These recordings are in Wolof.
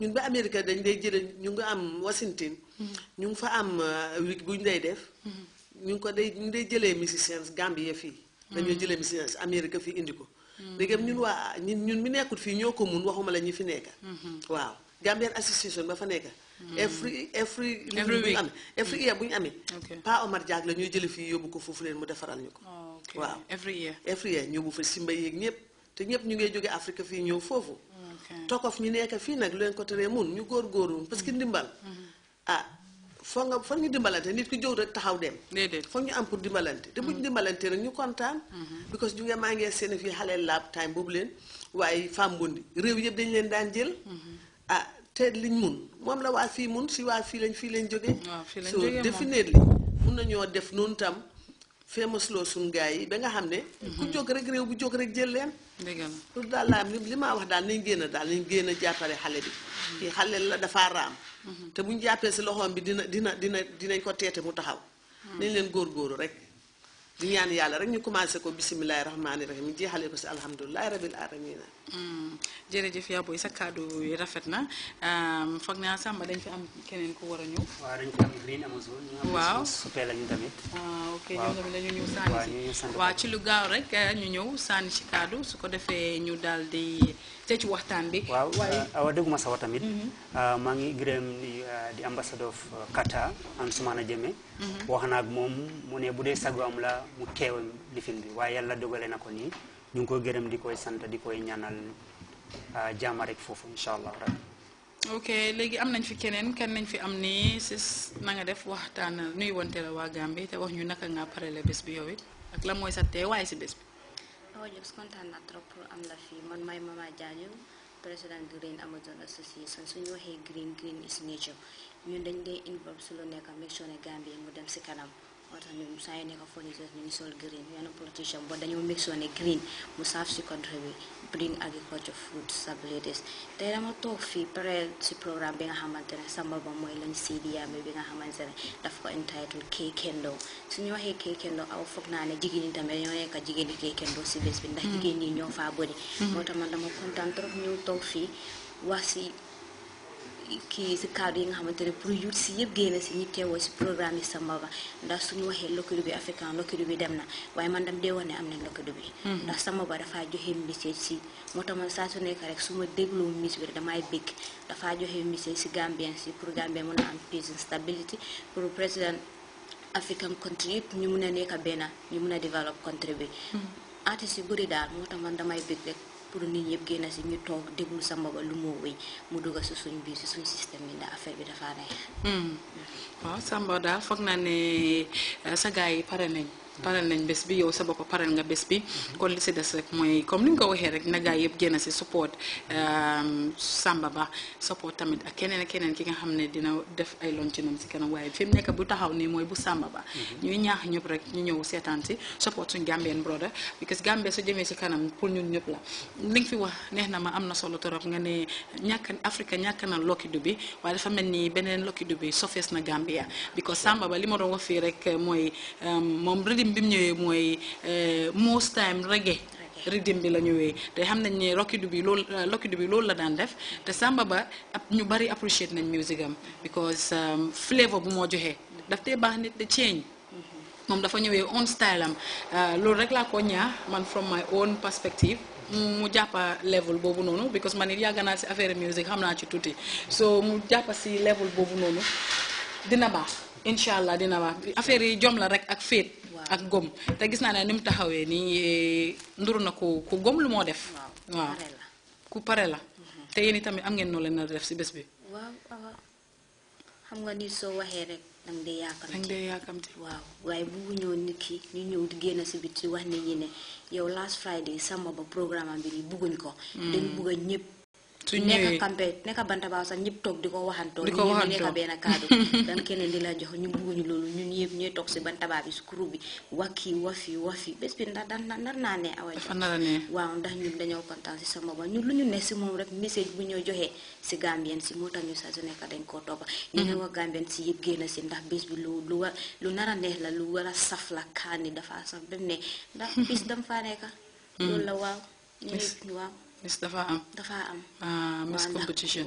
ñun ba Amérique dañ day jëlee ñu ngi am Washington ñu ngi fa am euh, week bu ñu day def ñu ngi ko day ñu day jëlee musiciens Gambie fii dañoo jëlee musiciens Amérique fii indi ko ndegam ñun waa ñun ñun nekkul fii ñoo ko mun waxuma la ñu fi nekk waaw Gambian association ba fa nekk every every every bu ñu amee every year bu ñu amee Omar Diak la jële fii yóbbu ko foofu leen mu defaral ñu ko oh, waaw every year every year ñëw bu fa simba yéeg ñëpp te ñëpp ñu ngay jóge Afrique fii ñëw foofu tokof ñu nekk fii nag lu leen ko teree mun ñu góorgóorlu parce que ndimbal mm-hmm. ah foog nga foog ñu dimbalante nit ki jóg rek taxaw dem foog ñu am pour dimbalante te bu ñu mm-hmm. dimbalante rek ñu kontaan mm-hmm. because ñu nga maa ngee seen fii xale laab time boobu leen waaye femme mbundi réew yëpp dañ leen daan jël ah te liñ mun moom la waa fii mun si waa fii lañ fii lañ jógee so definitely mun nañoo def noonu tam féemasloo suñu gaay yi ba nga xam ne bu mhm. jóg rek réew bu jóg rek jël leen pour daal laa li ma wax daal nañ génn daal nañ génn jàppale xale bi mhm. kii xale la dafa raam mhm. te buñ jàppee si loxoom bi dina dina dina dinañ ko teete mu taxaw nañ leen góor góoru rek di ñaan yàlla rek ñu commencé ko bisimilahi rahmaani rahim jeexale ko si alhamdulilahi rabil alamina hmm. jërëjëf yaa booy sa kàddu rafet na foog naa sàmba dañ fi am keneen ko war a ñëw waaw dañ fi am green amazon waaw suppee lañu tamit ah, ok ñoom tamit dañu ci lu gaaw rek eh, ñu ñëw sànni si kàddu su ko defee ñu daal di ci waxtaan bi waaw awa eh, eh, dégguma sa tamit maa mhm. eh, ngi gërëm di ambassadeur of Qatar Ansoumana Diémé mhm. wax naa ak moom mu ne bu dee sago am la mu teew lifin bi waaye yàlla dogale na ko nii ñu ngi koy di koy sant di koy ñaanal jaama rek foofu incha allah ok léegi am nañ fi keneen kan nañ fi am ni sis na nga def waxtaan nuy wante la waa Gambie te wax ñu naka nga parele bés bi yow ak la mooy sa teewaay si bés bi Awa Joob kontaan naa trop am la fii man may Mama Jaajo président Green Amazon Association suñu waxee green green is nature ñun dañ dee involve su lu nekk make sure ne Gambie mu dem ci kanam moo tax ñun saa yu nekk fournisseurs ñu ngi sol green yenn politician boo dañoo mixoon ne green mu saaf si country bi bring agriculture food stabilities tey dama toog fii pare si programme bi nga xamante sama Samba mooy lañ siidi yaame bi nga xamante ne daf ko entitled Kékendoo suñu waxee Kékendoo aw foog naa ne jigéen ñi tamit dañoo nekk jigéen ñi Kékendoo si bés bi ndax mm-hmm. jigéen ñi ñoo faa bëri mm-hmm. moo tax dama kontaan trop ñëw toog fii wax si kii si cadre yi nga xamante ne pour youth si yëpp génn si ñi teewoo si programme yi Sambaba ndax suñu waxee lëkkaloo bi africain lëkkaloo bi dem na waaye man dam dee woon ne am nañ lëkkaloo bi hmm. ndax Sambaba dafaa joxe message si moo tax man su nekk rek su ma dégloo mis bi damay bégg dafaa joxe message si Gambien si pour Gambien mën a am peace and stability pour président African country yëpp ñu mun a nekk benn ñu mun a développer country bi hmm. artistes yu bëri daal moo tax man damay bégg pour nit ñëpp génn si ñu toog déglu samba ba lu moo wéy mu dugg su suñ biir si suñ système bi ndax affaire bi dafa neex. waaw hmm. hmm. ah, samba daal foog naa ne euh, sa gars yi pare nañ. paral nañ bés bi yow sa bopp paral nga bés bi kon li si des rek mooy comme ni nga ko waxee rek na gaa yëpp génn si support euh, Samba Ba support tamit ak keneen ak keneen ki nga xam ne dina def ay loncinam si kanam waaye fi mu nekk bu taxaw nii mooy bu sàmba Ba mhm. ñuy ñaax ñëpp rek ñu ñëw seetaan si support suñ Gambien brother because Gambie su jëmee si kanam pour ñun ñëpp la li nga fi wax neex na ma am na solo torop nga ne ñàkk Afrique ñàkk na lokidu bi waaye dafa mel ni beneen lokidu bi sofees na Gambia because Samba li ma doon rek mooy euh, moom rhythm bi mu ñëwee euh, most time reggae rhythm bi la ñëwee te xam nañ ne Rocky dubi bi loolu Lucky euh, Dube bi loolu la daan def te Samba Ba ñu bari appreciate nañ music am because um, flavor bu moo joxee daf tee baax nit de change moom dafa ñëwee own style am euh, loolu rek laa ko ñaax man from my own perspective mu jàppa level boobu noonu because man it yàgg naa si affaire music xam naa ci tuuti so mu jàppa si level boobu noonu dina baax incha allah dina baax affaire yi jom la rek ak féet ak gom te gis naa ne ni mu taxawee nii nduru na ku ku gom lu moo def ku pare la mhm. te yéen itamit am ngeen noo leen def si bés bi waaw xam nga ni soo waxee rek danga dee yaakamti waaw waaye bu ñëw nit ki ñu ñëw di génn si ci wax nit ñi ne yow last friday samba ba programme bi nii bugguñ ko mm. dañ bugg ñëpp su nekk campagne nekk sax ñëpp toog di ko waxantoo di ko waxantoo nekk benn kaddu di la jox ñu bëgguñu loolu ñun yëpp ñooy toog si bantabaa bi si groupe bi wakki wafi wafi bés bi ndax dan nar naa ne awa waaw ndax ñun dañoo kontaan si sama ba ñun lu ñu ne si moom rek message bu ñoo joxee si Gambien si moo tax ñu saa su dañ koo toppa ñu ne mhm. si yëpp génn si ndax bés bi lu lu war lu nar a neex la lu war a saf la kaani dafa saf bem ne ndax bis dam faa nekka mhm. loolu la waaw ñu waaw miss dafa am. dafa am. ah miss competition.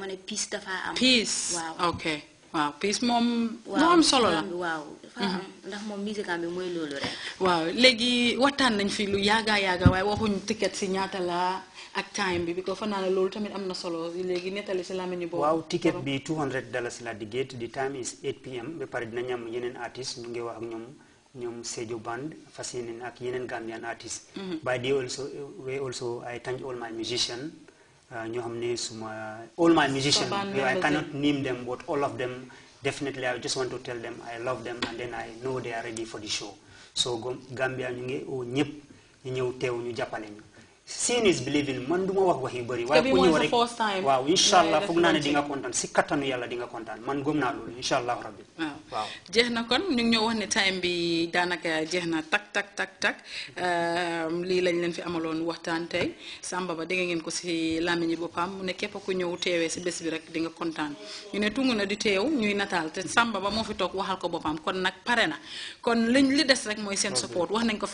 ma ne peace dafa am. peace ok waaw peace moom. moo am solo la waaw. dafa am mhm. ndax moom musical bi mooy loolu rek. waaw léegi waxtaan nañ fi lu yaaga yaaga waaye waxuñ ticket si ñaata la ak time bi because foog naa ne loolu tamit am na solo léegi nettali si ni boobu. waaw ticket bi 200 si la di gate di time is 8 pm ba pare dinañ am yeneen artiste ñu ngi wax ak ñoom. ñoom Sejo Band fas yeneen ak yeneen Gambian artist mm-hmm. by the also we also I thank all my musician uh, ñoo xam ne suma all my musician I cannot name them but all of them definitely I just want to tell them I love them and then I know they are ready for the show so Gambia ñu ngi ñëpp ñu ñëw teew ñu jàppale ñu seen is believing man du ma wax wax yu bëri. waaye ku ñëw rek waaw incha allah foog naa ne di kontaan si kattanu yàlla di kontaan man gëm naa loolu incha allah rabbi. waaw jeex na kon ñu ngi wax ne time bi daanaka jeex na tak tak tak tak ehm, lii lañ leen fi amaloon waxtaan tey Samba Ba dégg ngeen ko si làmmiñi boppam mu ne képp ku ñëw teewee si bés bi rek di nga kontaan ñu ne tungu na di teew ñuy nataal te Samba Ba moo fi toog waxal ko boppam kon nag pare na kon liñ li mooy seen support wax nañ ko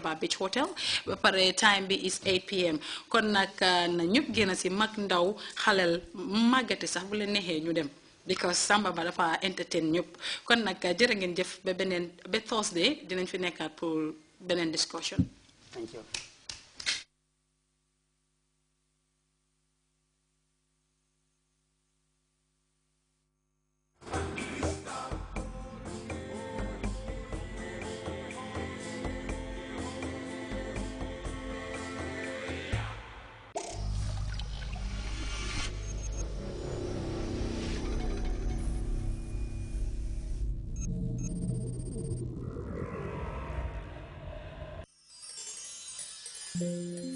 Cordoba Beach Hotel ba pare time bi is 8 pm kon nag uh, na ñëpp génn si mag ndaw xalel màggati sax bu la neexee ñu dem because Samba ba dafa entertain ñëpp kon nag uh, jërë ngeen jëf ba beneen ba Thursday dinañ fi nekkaat pour beneen discussion. Thank you. Música